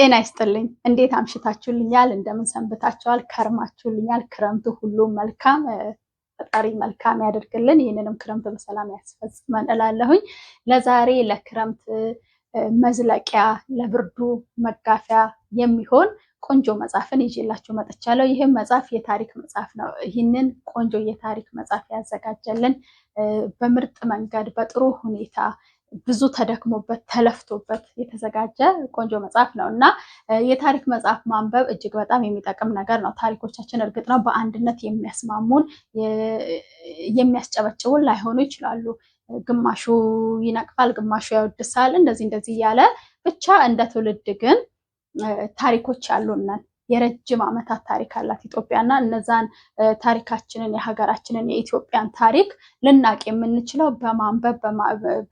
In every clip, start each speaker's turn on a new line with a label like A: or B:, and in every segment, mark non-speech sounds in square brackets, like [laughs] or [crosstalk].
A: ጤና ይስጥልኝ። እንዴት አምሽታችሁልኛል? እንደምን ሰንብታችኋል? ከርማችሁልኛል? ክረምቱ ሁሉ መልካም ፈጣሪ መልካም ያደርግልን። ይህንንም ክረምት በሰላም ያስፈጽመን እላለሁኝ። ለዛሬ ለክረምት መዝለቂያ ለብርዱ መጋፊያ የሚሆን ቆንጆ መጽሐፍን ይዤላችሁ መጥቻለሁ። ይህም መጽሐፍ የታሪክ መጽሐፍ ነው። ይህንን ቆንጆ የታሪክ መጽሐፍ ያዘጋጀልን በምርጥ መንገድ በጥሩ ሁኔታ ብዙ ተደክሞበት ተለፍቶበት የተዘጋጀ ቆንጆ መጽሐፍ ነው እና የታሪክ መጽሐፍ ማንበብ እጅግ በጣም የሚጠቅም ነገር ነው። ታሪኮቻችን እርግጥ ነው በአንድነት የሚያስማሙን የሚያስጨበጭቡን ላይሆኑ ይችላሉ። ግማሹ ይነቅፋል፣ ግማሹ ያወድሳል፣ እንደዚህ እንደዚህ እያለ ብቻ እንደ ትውልድ ግን ታሪኮች ያሉነን የረጅም ዓመታት ታሪክ አላት ኢትዮጵያ እና እነዛን ታሪካችንን የሀገራችንን የኢትዮጵያን ታሪክ ልናቅ የምንችለው በማንበብ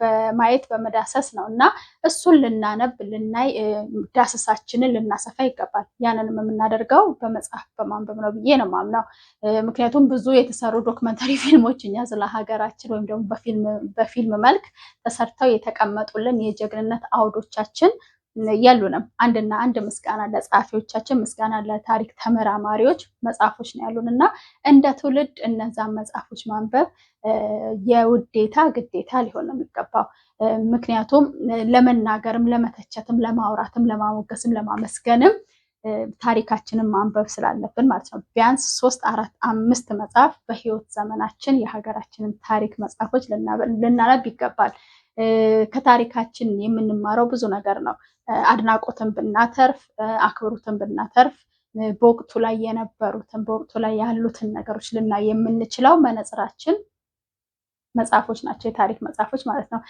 A: በማየት በመዳሰስ ነው እና እሱን ልናነብ ልናይ ዳሰሳችንን ልናሰፋ ይገባል። ያንንም የምናደርገው በመጽሐፍ በማንበብ ነው ብዬ ነው ማምነው ምክንያቱም ብዙ የተሰሩ ዶክመንታሪ [laughs] ፊልሞች እኛ ስለ ሀገራችን ወይም ደግሞ በፊልም መልክ ተሰርተው የተቀመጡልን የጀግንነት አውዶቻችን ያሉንም አንድና አንድ ምስጋና ለጸሐፊዎቻችን፣ ምስጋና ለታሪክ ተመራማሪዎች መጽሐፎች ነው ያሉን እና እንደ ትውልድ እነዛን መጽሐፎች ማንበብ የውዴታ ግዴታ ሊሆን ነው የሚገባው። ምክንያቱም ለመናገርም፣ ለመተቸትም፣ ለማውራትም፣ ለማሞገስም፣ ለማመስገንም ታሪካችንን ማንበብ ስላለብን ማለት ነው። ቢያንስ ሶስት አራት አምስት መጽሐፍ በህይወት ዘመናችን የሀገራችንን ታሪክ መጽሐፎች ልናነብ ይገባል። ከታሪካችን የምንማረው ብዙ ነገር ነው። አድናቆትን ብናተርፍ፣ አክብሮትን ብናተርፍ፣ በወቅቱ ላይ የነበሩትን በወቅቱ ላይ ያሉትን ነገሮች ልናይ የምንችለው መነጽራችን መጽሐፎች ናቸው፣ የታሪክ መጽሐፎች ማለት ነው።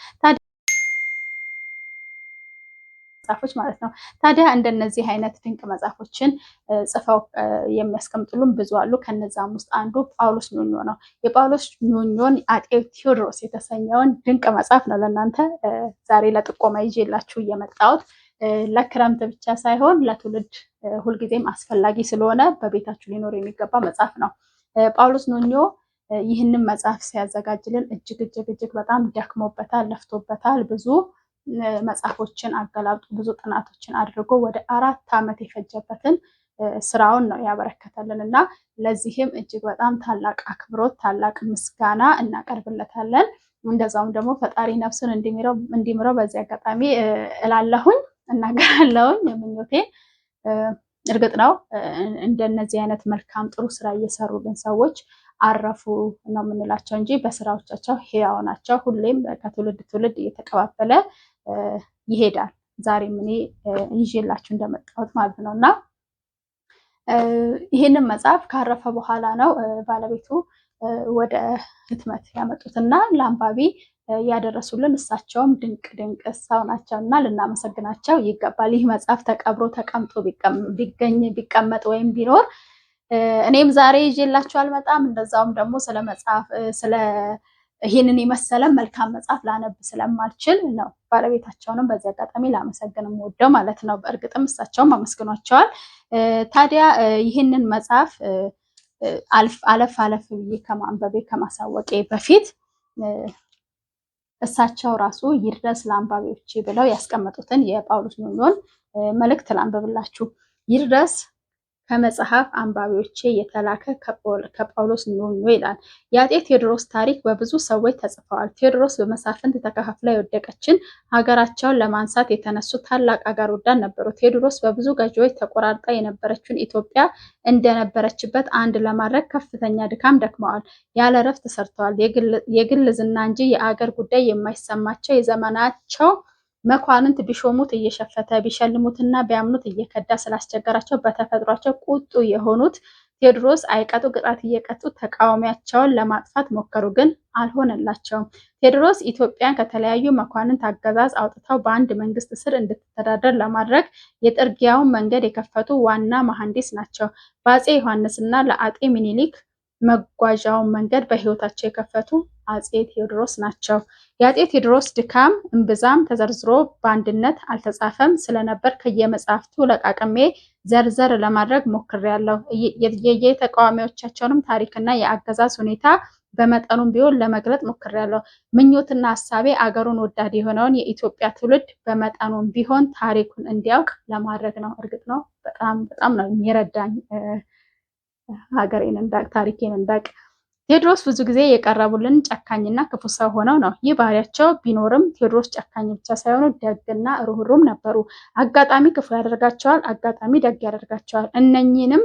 A: መጽሐፎች ማለት ነው። ታዲያ እንደነዚህ አይነት ድንቅ መጽሐፎችን ጽፈው የሚያስቀምጡልን ብዙ አሉ። ከነዛም ውስጥ አንዱ ጳውሎስ ኞኞ ነው። የጳውሎስ ኞኞን አጤ ቴዎድሮስ የተሰኘውን ድንቅ መጽሐፍ ነው ለእናንተ ዛሬ ለጥቆማ ይዤላችሁ እየመጣሁት ለክረምት ብቻ ሳይሆን ለትውልድ ሁልጊዜም አስፈላጊ ስለሆነ በቤታችሁ ሊኖር የሚገባ መጽሐፍ ነው። ጳውሎስ ኞኞ ይህንን መጽሐፍ ሲያዘጋጅልን እጅግ እጅግ እጅግ በጣም ደክሞበታል፣ ለፍቶበታል ብዙ መጽሐፎችን አገላብጦ ብዙ ጥናቶችን አድርጎ ወደ አራት ዓመት የፈጀበትን ስራውን ነው ያበረከተልን እና ለዚህም እጅግ በጣም ታላቅ አክብሮት፣ ታላቅ ምስጋና እናቀርብለታለን። እንደዛውም ደግሞ ፈጣሪ ነፍሱን እንዲምረው በዚህ አጋጣሚ እላለሁኝ እናገራለሁኝ ምኞቴ እርግጥ ነው እንደነዚህ አይነት መልካም ጥሩ ስራ እየሰሩልን ሰዎች አረፉ ነው የምንላቸው እንጂ በስራዎቻቸው ሕያው ናቸው። ሁሌም ከትውልድ ትውልድ እየተቀባበለ ይሄዳል። ዛሬም እኔ ይዤላችሁ እንደመጣሁት ማለት ነው እና ይህንን መጽሐፍ ካረፈ በኋላ ነው ባለቤቱ ወደ ህትመት ያመጡት እና ለአንባቢ ያደረሱልን እሳቸውም ድንቅ ድንቅ ሰው ናቸው እና ልናመሰግናቸው ይገባል። ይህ መጽሐፍ ተቀብሮ ተቀምጦ ቢገኝ ቢቀመጥ ወይም ቢኖር እኔም ዛሬ ይዤላችሁ አልመጣም። እንደዛውም ደግሞ ስለ መጽሐፍ ስለ ይህንን የመሰለ መልካም መጽሐፍ ላነብ ስለማልችል ነው። ባለቤታቸውንም በዚህ አጋጣሚ ላመሰግን ወደው ማለት ነው። በእርግጥም እሳቸውም አመስግኗቸዋል። ታዲያ ይህንን መጽሐፍ አለፍ አለፍ ብዬ ከማንበቤ ከማሳወቄ በፊት እሳቸው ራሱ ይድረስ ለአንባቢዎች ብለው ያስቀመጡትን የጳውሎስ ኞኞን መልእክት ላንብብላችሁ። ይድረስ ከመጽሐፍ አንባቢዎቼ የተላከ ከጳውሎስ ኞኞ ይላል። የአጤ ቴዎድሮስ ታሪክ በብዙ ሰዎች ተጽፈዋል። ቴዎድሮስ በመሳፍንት ተከፋፍላ የወደቀችን ሀገራቸውን ለማንሳት የተነሱ ታላቅ አገር ወዳድ ነበሩ። ቴዎድሮስ በብዙ ገዢዎች ተቆራርጣ የነበረችውን ኢትዮጵያ እንደነበረችበት አንድ ለማድረግ ከፍተኛ ድካም ደክመዋል፣ ያለ እረፍት ሰርተዋል። የግል ዝና እንጂ የአገር ጉዳይ የማይሰማቸው የዘመናቸው መኳንንት ቢሾሙት እየሸፈተ ቢሸልሙትና ቢያምኑት እየከዳ ስላስቸገራቸው በተፈጥሯቸው ቁጡ የሆኑት ቴዎድሮስ አይቀጡ ቅጣት እየቀጡ ተቃዋሚያቸውን ለማጥፋት ሞከሩ፣ ግን አልሆነላቸውም። ቴዎድሮስ ኢትዮጵያን ከተለያዩ መኳንንት አገዛዝ አውጥተው በአንድ መንግስት ስር እንድትተዳደር ለማድረግ የጥርጊያውን መንገድ የከፈቱ ዋና መሐንዲስ ናቸው። በአፄ ዮሐንስና ለአጤ ሚኒሊክ መጓዣውን መንገድ በህይወታቸው የከፈቱ አፄ ቴዎድሮስ ናቸው። የአፄ ቴዎድሮስ ድካም እምብዛም ተዘርዝሮ በአንድነት አልተጻፈም ስለነበር ከየመጽሐፍቱ ለቃቅሜ ዘርዘር ለማድረግ ሞክሬያለሁ። ተቃዋሚዎቻቸውንም ታሪክና የአገዛዝ ሁኔታ በመጠኑም ቢሆን ለመግለጥ ሞክሬያለሁ። ምኞትና ሀሳቤ አገሩን ወዳድ የሆነውን የኢትዮጵያ ትውልድ በመጠኑም ቢሆን ታሪኩን እንዲያውቅ ለማድረግ ነው። እርግጥ ነው በጣም በጣም ነው የሚረዳኝ ሀገሬን እንዳቅ ታሪኬን እንዳቅ ቴዎድሮስ ብዙ ጊዜ የቀረቡልን ጨካኝና ክፉ ሰው ሆነው ነው። ይህ ባህሪያቸው ቢኖርም ቴዎድሮስ ጨካኝ ብቻ ሳይሆኑ ደግና ሩህሩም ነበሩ። አጋጣሚ ክፉ ያደርጋቸዋል፣ አጋጣሚ ደግ ያደርጋቸዋል። እነኚህንም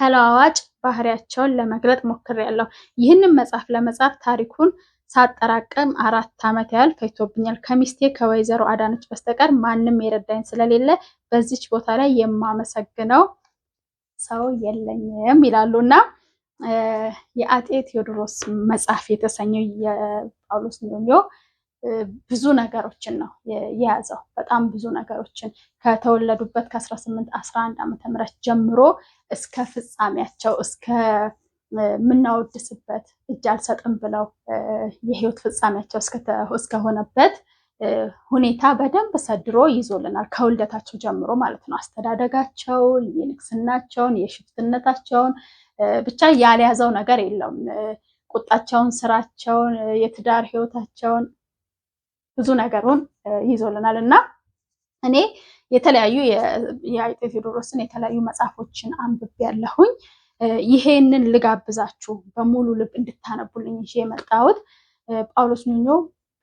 A: ተለዋዋጭ ባህሪያቸውን ለመግለጥ ሞክሬያለሁ። ይህንን መጽሐፍ ለመጻፍ ታሪኩን ሳጠራቅም አራት ዓመት ያህል ፈጅቶብኛል። ከሚስቴ ከወይዘሮ አዳነች በስተቀር ማንም የረዳኝ ስለሌለ በዚች ቦታ ላይ የማመሰግነው ሰው የለኝም ይላሉ እና የአጤ ቴዎድሮስ መጽሐፍ የተሰኘው የጳውሎስ ኞኞ ብዙ ነገሮችን ነው የያዘው። በጣም ብዙ ነገሮችን ከተወለዱበት ከ1811 ዓ ም ጀምሮ እስከ ፍጻሜያቸው እስከ ምናወድስበት እጅ አልሰጥም ብለው የህይወት ፍጻሜያቸው እስከሆነበት ሁኔታ በደንብ ሰድሮ ይዞልናል። ከውልደታቸው ጀምሮ ማለት ነው። አስተዳደጋቸውን፣ የንግስናቸውን፣ የሽፍትነታቸውን ብቻ ያልያዘው ነገር የለውም። ቁጣቸውን፣ ስራቸውን፣ የትዳር ህይወታቸውን ብዙ ነገሩን ይዞልናል እና እኔ የተለያዩ የአይጤ ቴዎድሮስን የተለያዩ መጽሐፎችን አንብቤ ያለሁኝ ይሄንን ልጋብዛችሁ በሙሉ ልብ እንድታነቡልኝ ይዤ የመጣሁት ጳውሎስ ኞኞ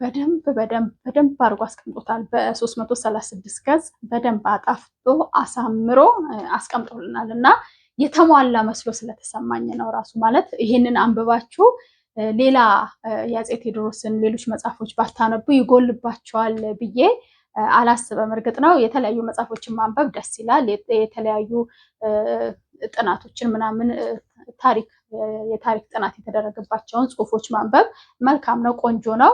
A: በደንብ በደንብ በደንብ አድርጎ አስቀምጦታል። በ336 ገጽ በደንብ አጣፍጦ አሳምሮ አስቀምጦልናል እና የተሟላ መስሎ ስለተሰማኝ ነው ራሱ ማለት ይሄንን አንብባችሁ ሌላ የአፄ ቴዎድሮስን ሌሎች መጽሐፎች ባታነቡ ይጎልባቸዋል ብዬ አላስበም። እርግጥ ነው የተለያዩ መጽሐፎችን ማንበብ ደስ ይላል። የተለያዩ ጥናቶችን ምናምን ታሪክ የታሪክ ጥናት የተደረገባቸውን ጽሁፎች ማንበብ መልካም ነው፣ ቆንጆ ነው።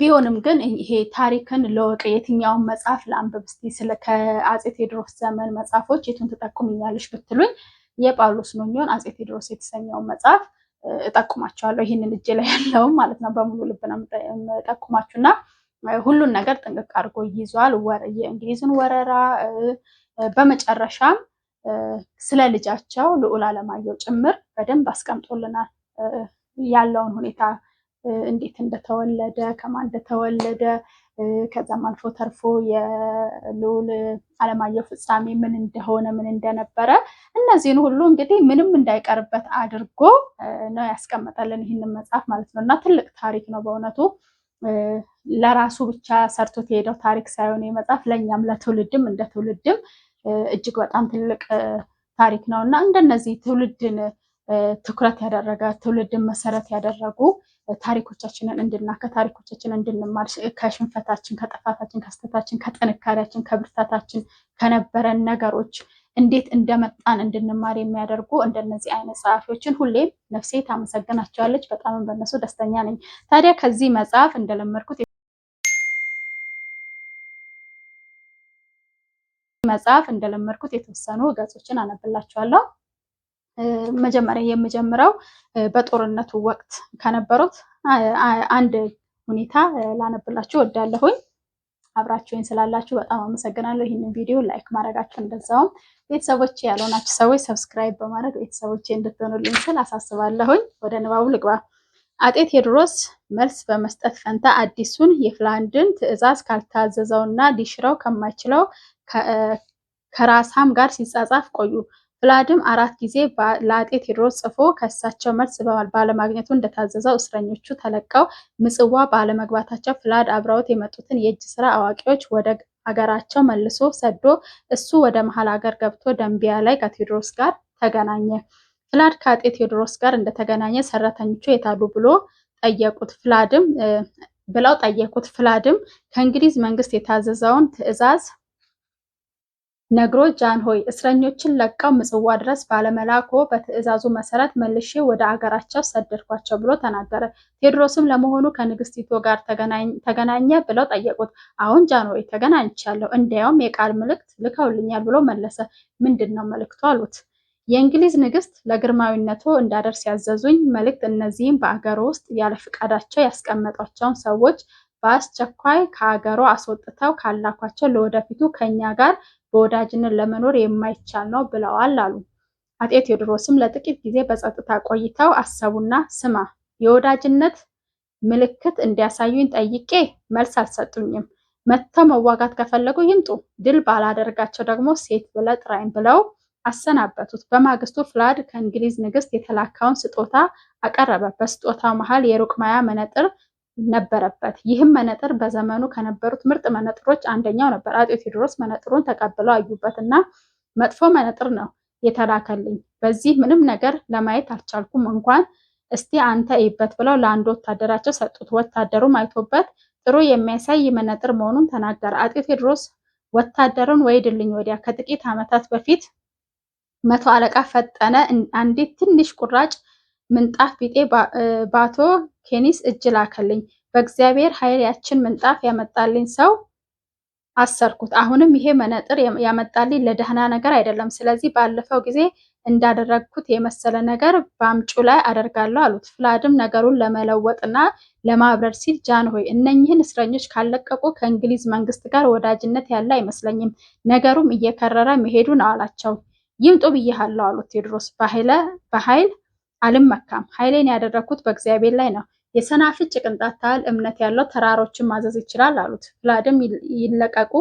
A: ቢሆንም ግን ይሄ ታሪክን ለወቅ የትኛውን መጽሐፍ ለአንብብ እስኪ ስለ ከአጼ ቴዎድሮስ ዘመን መጽሐፎች የቱን ትጠቁምኛለሽ ብትሉኝ የጳውሎስ ኞኞን አጼ ቴዎድሮስ የተሰኘውን መጽሐፍ እጠቁማቸዋለሁ። ይህንን እጅ ላይ ያለውም ማለት ነው። በሙሉ ልብ ነው የምጠቁማችሁ እና ሁሉን ነገር ጥንቅቅ አድርጎ ይዟል። የእንግሊዝን ወረራ በመጨረሻም ስለ ልጃቸው ልዑል አለማየሁ ጭምር በደንብ አስቀምጦልናል ያለውን ሁኔታ እንዴት እንደተወለደ ከማን እንደተወለደ ከዛም አልፎ ተርፎ የልዑል አለማየሁ ፍጻሜ ምን እንደሆነ ምን እንደነበረ እነዚህን ሁሉ እንግዲህ ምንም እንዳይቀርበት አድርጎ ነው ያስቀመጠልን ይህንን መጽሐፍ ማለት ነው። እና ትልቅ ታሪክ ነው በእውነቱ ለራሱ ብቻ ሰርቶት የሄደው ታሪክ ሳይሆን መጽሐፍ ለእኛም ለትውልድም እንደ ትውልድም እጅግ በጣም ትልቅ ታሪክ ነው እና እንደነዚህ ትውልድን ትኩረት ያደረገ ትውልድን መሰረት ያደረጉ ታሪኮቻችንን እንድና ከታሪኮቻችን እንድንማር ከሽንፈታችን፣ ከጥፋታችን፣ ከስተታችን፣ ከጥንካሬያችን፣ ከብርታታችን ከነበረን ነገሮች እንዴት እንደመጣን እንድንማር የሚያደርጉ እንደነዚህ አይነት ጸሐፊዎችን ሁሌም ነፍሴ ታመሰግናቸዋለች። በጣም በነሱ ደስተኛ ነኝ። ታዲያ ከዚህ መጽሐፍ እንደለመድኩት መጽሐፍ እንደለመድኩት የተወሰኑ ገጾችን አነብላችኋለሁ። መጀመሪያ የምጀምረው በጦርነቱ ወቅት ከነበሩት አንድ ሁኔታ ላነብላችሁ ወዳለሁኝ። አብራችሁኝ ስላላችሁ በጣም አመሰግናለሁ። ይህንን ቪዲዮ ላይክ ማድረጋችሁ እንደዛውም ቤተሰቦች ያልሆናችሁ ሰዎች ሰብስክራይብ በማድረግ ቤተሰቦች እንድትሆኑልኝ ስል አሳስባለሁኝ። ወደ ንባቡ ልግባ። አጤ ቴዎድሮስ መልስ በመስጠት ፈንታ አዲሱን የፍላንድን ትዕዛዝ ካልታዘዘውና ሊሽረው ከማይችለው ከራሳም ጋር ሲጻጻፍ ቆዩ። ፍላድም አራት ጊዜ ለአጤ ቴዎድሮስ ጽፎ ከእሳቸው መልስ ባለማግኘቱ እንደታዘዘው እስረኞቹ ተለቀው ምጽዋ ባለመግባታቸው ፍላድ አብረውት የመጡትን የእጅ ስራ አዋቂዎች ወደ አገራቸው መልሶ ሰዶ እሱ ወደ መሀል አገር ገብቶ ደንቢያ ላይ ከቴዎድሮስ ጋር ተገናኘ። ፍላድ ከአጤ ቴዎድሮስ ጋር እንደተገናኘ ሰራተኞቹ የታሉ ብሎ ጠየቁት። ፍላድም ብለው ጠየቁት። ፍላድም ከእንግሊዝ መንግስት የታዘዘውን ትዕዛዝ ነግሮ ጃን ሆይ እስረኞችን ለቀው ምጽዋ ድረስ ባለመላኮ በትእዛዙ መሰረት መልሼ ወደ አገራቸው ሰደድኳቸው ብሎ ተናገረ። ቴዎድሮስም ለመሆኑ ከንግስቲቱ ጋር ተገናኘ ብለው ጠየቁት። አሁን ጃን ሆይ ተገናኝቻለሁ፣ እንዲያውም የቃል ምልክት ልከውልኛል ብሎ መለሰ። ምንድን ነው መልክቱ አሉት። የእንግሊዝ ንግስት ለግርማዊነቱ እንዳደርስ ያዘዙኝ መልእክት እነዚህም በአገሩ ውስጥ ያለ ፍቃዳቸው ያስቀመጧቸውን ሰዎች በአስቸኳይ ከአገሩ አስወጥተው ካላኳቸው ለወደፊቱ ከኛ ጋር በወዳጅነት ለመኖር የማይቻል ነው ብለዋል አሉ። አጤ ቴዎድሮስም ለጥቂት ጊዜ በጸጥታ ቆይተው አሰቡና ስማ የወዳጅነት ምልክት እንዲያሳዩኝ ጠይቄ መልስ አልሰጡኝም። መጥተው መዋጋት ከፈለጉ ይምጡ፣ ድል ባላደርጋቸው ደግሞ ሴት ብለህ ጥራኝ ብለው አሰናበቱት። በማግስቱ ፍላድ ከእንግሊዝ ንግስት የተላካውን ስጦታ አቀረበ። በስጦታው መሃል ማያ መነጥር ነበረበት። ይህም መነጥር በዘመኑ ከነበሩት ምርጥ መነጥሮች አንደኛው ነበር። አጤው ቴዎድሮስ መነጥሩን ተቀብለው አዩበት እና መጥፎ መነጥር ነው የተላከልኝ፣ በዚህ ምንም ነገር ለማየት አልቻልኩም፣ እንኳን እስቲ አንተ እይበት ብለው ለአንድ ወታደራቸው ሰጡት። ወታደሩም አይቶበት ጥሩ የሚያሳይ መነጥር መሆኑን ተናገረ። አጤው ቴዎድሮስ ወታደሩን ወይድልኝ ወዲያ ከጥቂት ዓመታት በፊት መቶ አለቃ ፈጠነ አንዲት ትንሽ ቁራጭ ምንጣፍ ቢጤ ባቶ ኬኒስ እጅ ላከልኝ። በእግዚአብሔር ኃይል ያችን ምንጣፍ ያመጣልኝ ሰው አሰርኩት። አሁንም ይሄ መነጥር ያመጣልኝ ለደህና ነገር አይደለም። ስለዚህ ባለፈው ጊዜ እንዳደረግኩት የመሰለ ነገር በአምጩ ላይ አደርጋለሁ አሉት። ፍላድም ነገሩን ለመለወጥና ለማብረር ሲል ጃን ሆይ እነኝህን እስረኞች ካለቀቁ ከእንግሊዝ መንግስት ጋር ወዳጅነት ያለ አይመስለኝም፣ ነገሩም እየከረረ መሄዱ ነው አላቸው። ይምጡ ብዬሃለሁ አሉት ቴድሮስ በኃይል አልመካም፣ ኃይሌን ያደረግኩት በእግዚአብሔር ላይ ነው። የሰናፍጭ ቅንጣት ያህል እምነት ያለው ተራሮችን ማዘዝ ይችላል አሉት። ቭላድም ይለቀቁ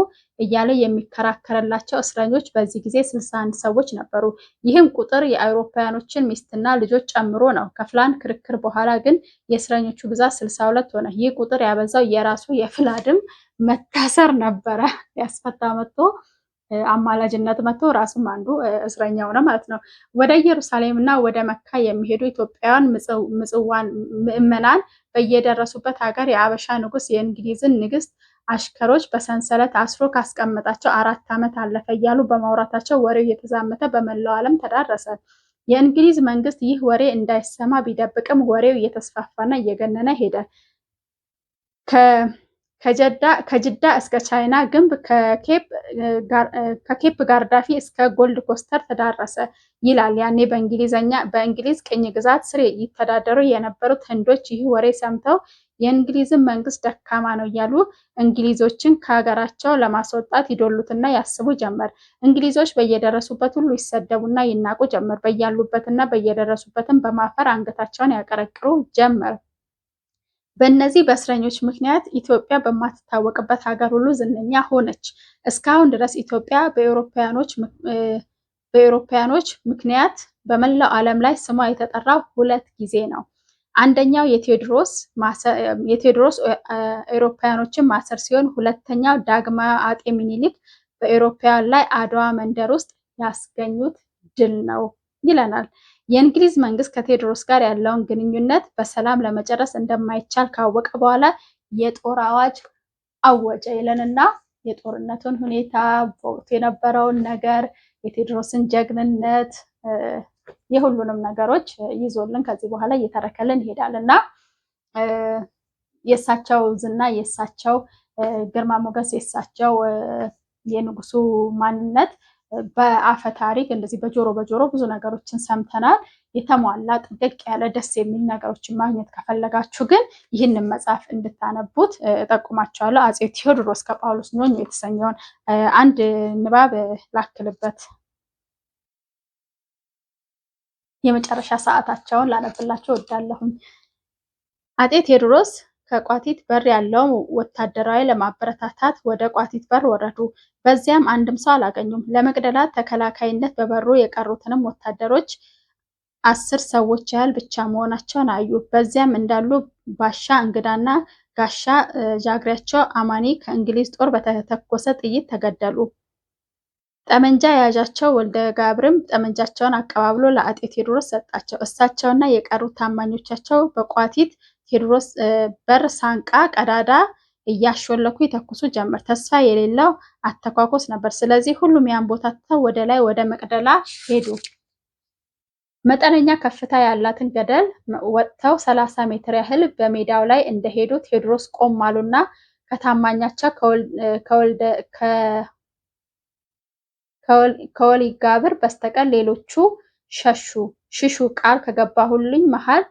A: እያለ የሚከራከርላቸው እስረኞች በዚህ ጊዜ 61 ሰዎች ነበሩ። ይህም ቁጥር የአውሮፓውያኖችን ሚስትና ልጆች ጨምሮ ነው። ከፍላን ክርክር በኋላ ግን የእስረኞቹ ብዛት 62 ሆነ። ይህ ቁጥር ያበዛው የራሱ የቭላድም መታሰር ነበረ። ያስፈታ መጥቶ አማላጅነት መጥቶ ራሱም አንዱ እስረኛው ነው ማለት ነው። ወደ ኢየሩሳሌም እና ወደ መካ የሚሄዱ ኢትዮጵያውያን ምጽዋን ምዕመናን በየደረሱበት ሀገር የአበሻ ንጉስ የእንግሊዝን ንግስት አሽከሮች በሰንሰለት አስሮ ካስቀመጣቸው አራት ዓመት አለፈ እያሉ በማውራታቸው ወሬው እየተዛመተ በመላው ዓለም ተዳረሰ። የእንግሊዝ መንግስት ይህ ወሬ እንዳይሰማ ቢደብቅም ወሬው እየተስፋፋና እየገነነ ሄደ። ከጅዳ እስከ ቻይና ግንብ ከኬፕ ጋርዳፊ እስከ ጎልድ ኮስተር ተዳረሰ ይላል። ያኔ በእንግሊዝኛ በእንግሊዝ ቅኝ ግዛት ስር ይተዳደሩ የነበሩት ህንዶች ይህ ወሬ ሰምተው የእንግሊዝን መንግስት ደካማ ነው እያሉ እንግሊዞችን ከሀገራቸው ለማስወጣት ይዶሉትና ያስቡ ጀመር። እንግሊዞች በየደረሱበት ሁሉ ይሰደቡና ይናቁ ጀመር። በያሉበትና በየደረሱበትም በማፈር አንገታቸውን ያቀረቅሩ ጀመር። በእነዚህ በእስረኞች ምክንያት ኢትዮጵያ በማትታወቅበት ሀገር ሁሉ ዝነኛ ሆነች። እስካሁን ድረስ ኢትዮጵያ በኤውሮፓያኖች ምክንያት በመላው ዓለም ላይ ስሟ የተጠራው ሁለት ጊዜ ነው። አንደኛው የቴዎድሮስ ኤውሮፓያኖችን ማሰር ሲሆን ሁለተኛው ዳግማዊ አጤ ምኒልክ በኤውሮፓያን ላይ አድዋ መንደር ውስጥ ያስገኙት ድል ነው ይለናል። የእንግሊዝ መንግስት ከቴዎድሮስ ጋር ያለውን ግንኙነት በሰላም ለመጨረስ እንደማይቻል ካወቀ በኋላ የጦር አዋጅ አወጀ ይለንና የጦርነቱን ሁኔታ በወቅቱ የነበረውን ነገር የቴዎድሮስን ጀግንነት የሁሉንም ነገሮች ይዞልን ከዚህ በኋላ እየተረከልን ይሄዳል እና የእሳቸው ዝና የእሳቸው ግርማ ሞገስ የእሳቸው የንጉሱ ማንነት በአፈ ታሪክ እንደዚህ በጆሮ በጆሮ ብዙ ነገሮችን ሰምተናል። የተሟላ ጥብቅ ያለ ደስ የሚል ነገሮችን ማግኘት ከፈለጋችሁ ግን ይህንን መጽሐፍ እንድታነቡት እጠቁማችኋለሁ። አፄ ቴዎድሮስ ከጳውሎስ ኞኞ የተሰኘውን አንድ ንባብ ላክልበት። የመጨረሻ ሰዓታቸውን ላነብላቸው እወዳለሁኝ። አፄ ቴዎድሮስ ከቋቲት በር ያለውን ወታደራዊ ለማበረታታት ወደ ቋቲት በር ወረዱ። በዚያም አንድም ሰው አላገኙም። ለመግደላት ተከላካይነት በበሩ የቀሩትንም ወታደሮች አስር ሰዎች ያህል ብቻ መሆናቸውን አዩ። በዚያም እንዳሉ ባሻ እንግዳና ጋሻ ጃግሬያቸው አማኒ ከእንግሊዝ ጦር በተተኮሰ ጥይት ተገደሉ። ጠመንጃ የያዣቸው ወልደ ጋብርም ጠመንጃቸውን አቀባብሎ ለአጤ ቴዎድሮስ ሰጣቸው። እሳቸውና የቀሩት ታማኞቻቸው በቋቲት ቴዎድሮስ በር ሳንቃ ቀዳዳ እያሾለኩ ይተኩሱ ጀመር። ተስፋ የሌለው አተኳኮስ ነበር። ስለዚህ ሁሉም ያን ቦታ ትተው ወደ ላይ ወደ መቅደላ ሄዱ። መጠነኛ ከፍታ ያላትን ገደል ወጥተው ሰላሳ ሜትር ያህል በሜዳው ላይ እንደሄዱ ቴዎድሮስ ቆም አሉና ከታማኛቸው ከወልጋብር በስተቀር ሌሎቹ ሸሹ። ሽሹ ቃል ከገባሁልኝ መሃል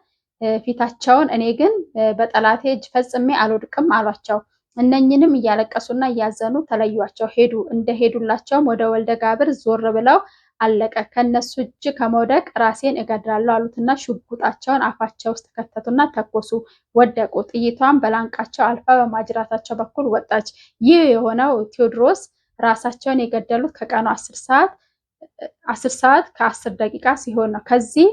A: ፊታቸውን እኔ ግን በጠላቴ እጅ ፈጽሜ አልወድቅም አሏቸው። እነኝንም እያለቀሱና እያዘኑ ተለዩቸው ሄዱ። እንደሄዱላቸውም ወደ ወልደ ጋብር ዞር ብለው አለቀ ከነሱ እጅ ከመውደቅ ራሴን እገድላለሁ አሉትና ሽጉጣቸውን አፋቸው ውስጥ ከተቱና ተኮሱ። ወደቁ። ጥይቷን በላንቃቸው አልፋ በማጅራታቸው በኩል ወጣች። ይህ የሆነው ቴዎድሮስ ራሳቸውን የገደሉት ከቀኑ አስር ሰዓት አስር ሰዓት ከአስር ደቂቃ ሲሆን ነው። ከዚህ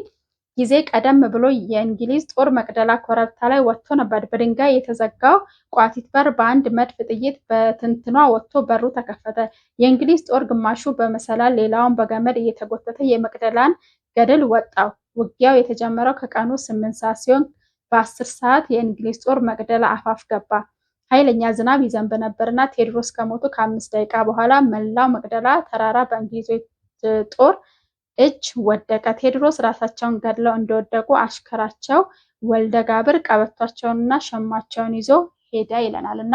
A: ጊዜ ቀደም ብሎ የእንግሊዝ ጦር መቅደላ ኮረብታ ላይ ወጥቶ ነበር። በድንጋይ የተዘጋው ቋቲት በር በአንድ መድፍ ጥይት በትንትኗ ወጥቶ በሩ ተከፈተ። የእንግሊዝ ጦር ግማሹ በመሰላል ሌላውን በገመድ እየተጎተተ የመቅደላን ገደል ወጣው። ውጊያው የተጀመረው ከቀኑ ስምንት ሰዓት ሲሆን በአስር ሰዓት የእንግሊዝ ጦር መቅደላ አፋፍ ገባ። ኃይለኛ ዝናብ ይዘንብ ነበርና ቴዎድሮስ ከሞቱ ከአምስት ደቂቃ በኋላ መላው መቅደላ ተራራ በእንግሊዝ ጦር እጅ ወደቀ። ቴዎድሮስ ራሳቸውን ገድለው እንደወደቁ አሽከራቸው ወልደ ጋብር ቀበቷቸውንና ሸማቸውን ይዞ ሄደ ይለናል እና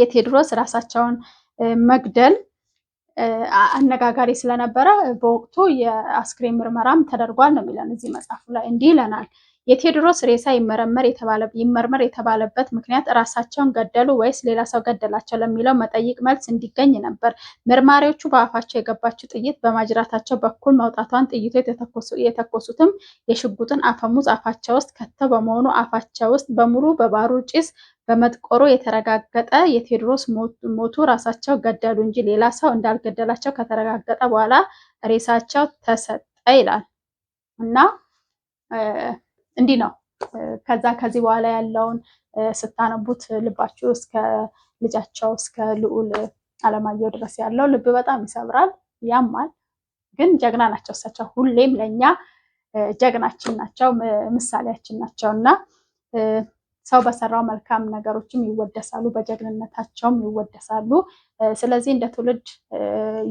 A: የቴዎድሮስ ራሳቸውን መግደል አነጋጋሪ ስለነበረ በወቅቱ የአስክሬን ምርመራም ተደርጓል ነው የሚለን እዚህ መጽሐፉ ላይ እንዲህ ይለናል። የቴዎድሮስ ሬሳ ይመርመር የተባለበት ምክንያት ራሳቸውን ገደሉ ወይስ ሌላ ሰው ገደላቸው ለሚለው መጠይቅ መልስ እንዲገኝ ነበር። መርማሪዎቹ በአፋቸው የገባችው ጥይት በማጅራታቸው በኩል መውጣቷን ጥይቱ የተኮሱትም የሽጉጥን አፈሙዝ አፋቸው ውስጥ ከተው በመሆኑ አፋቸው ውስጥ በሙሉ በባሩ ጭስ በመጥቆሩ የተረጋገጠ የቴዎድሮስ ሞቱ ራሳቸው ገደሉ እንጂ ሌላ ሰው እንዳልገደላቸው ከተረጋገጠ በኋላ ሬሳቸው ተሰጠ ይላል እና እንዲህ ነው። ከዛ ከዚህ በኋላ ያለውን ስታነቡት ልባችሁ እስከ ልጃቸው እስከ ልዑል አለማየሁ ድረስ ያለው ልብ በጣም ይሰብራል፣ ያማል። ግን ጀግና ናቸው እሳቸው ሁሌም ለእኛ ጀግናችን ናቸው፣ ምሳሌያችን ናቸው እና ሰው በሰራው መልካም ነገሮችም ይወደሳሉ፣ በጀግንነታቸውም ይወደሳሉ። ስለዚህ እንደ ትውልድ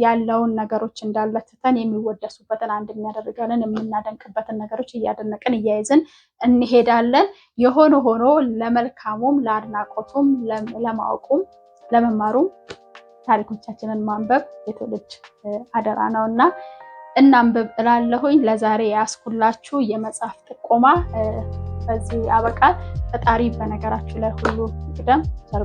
A: ያለውን ነገሮች እንዳለ ትተን የሚወደሱበትን አንድ የሚያደርገንን የምናደንቅበትን ነገሮች እያደነቅን እያይዝን እንሄዳለን። የሆነ ሆኖ ለመልካሙም ለአድናቆቱም ለማወቁም ለመማሩም ታሪኮቻችንን ማንበብ የትውልድ አደራ ነው እና እናንብብ እላለሁኝ። ለዛሬ ያስኩላችሁ የመጽሐፍ ጥቆማ በዚህ አበቃል። ፈጣሪ በነገራችሁ ላይ ሁሉ ቅደም ቸር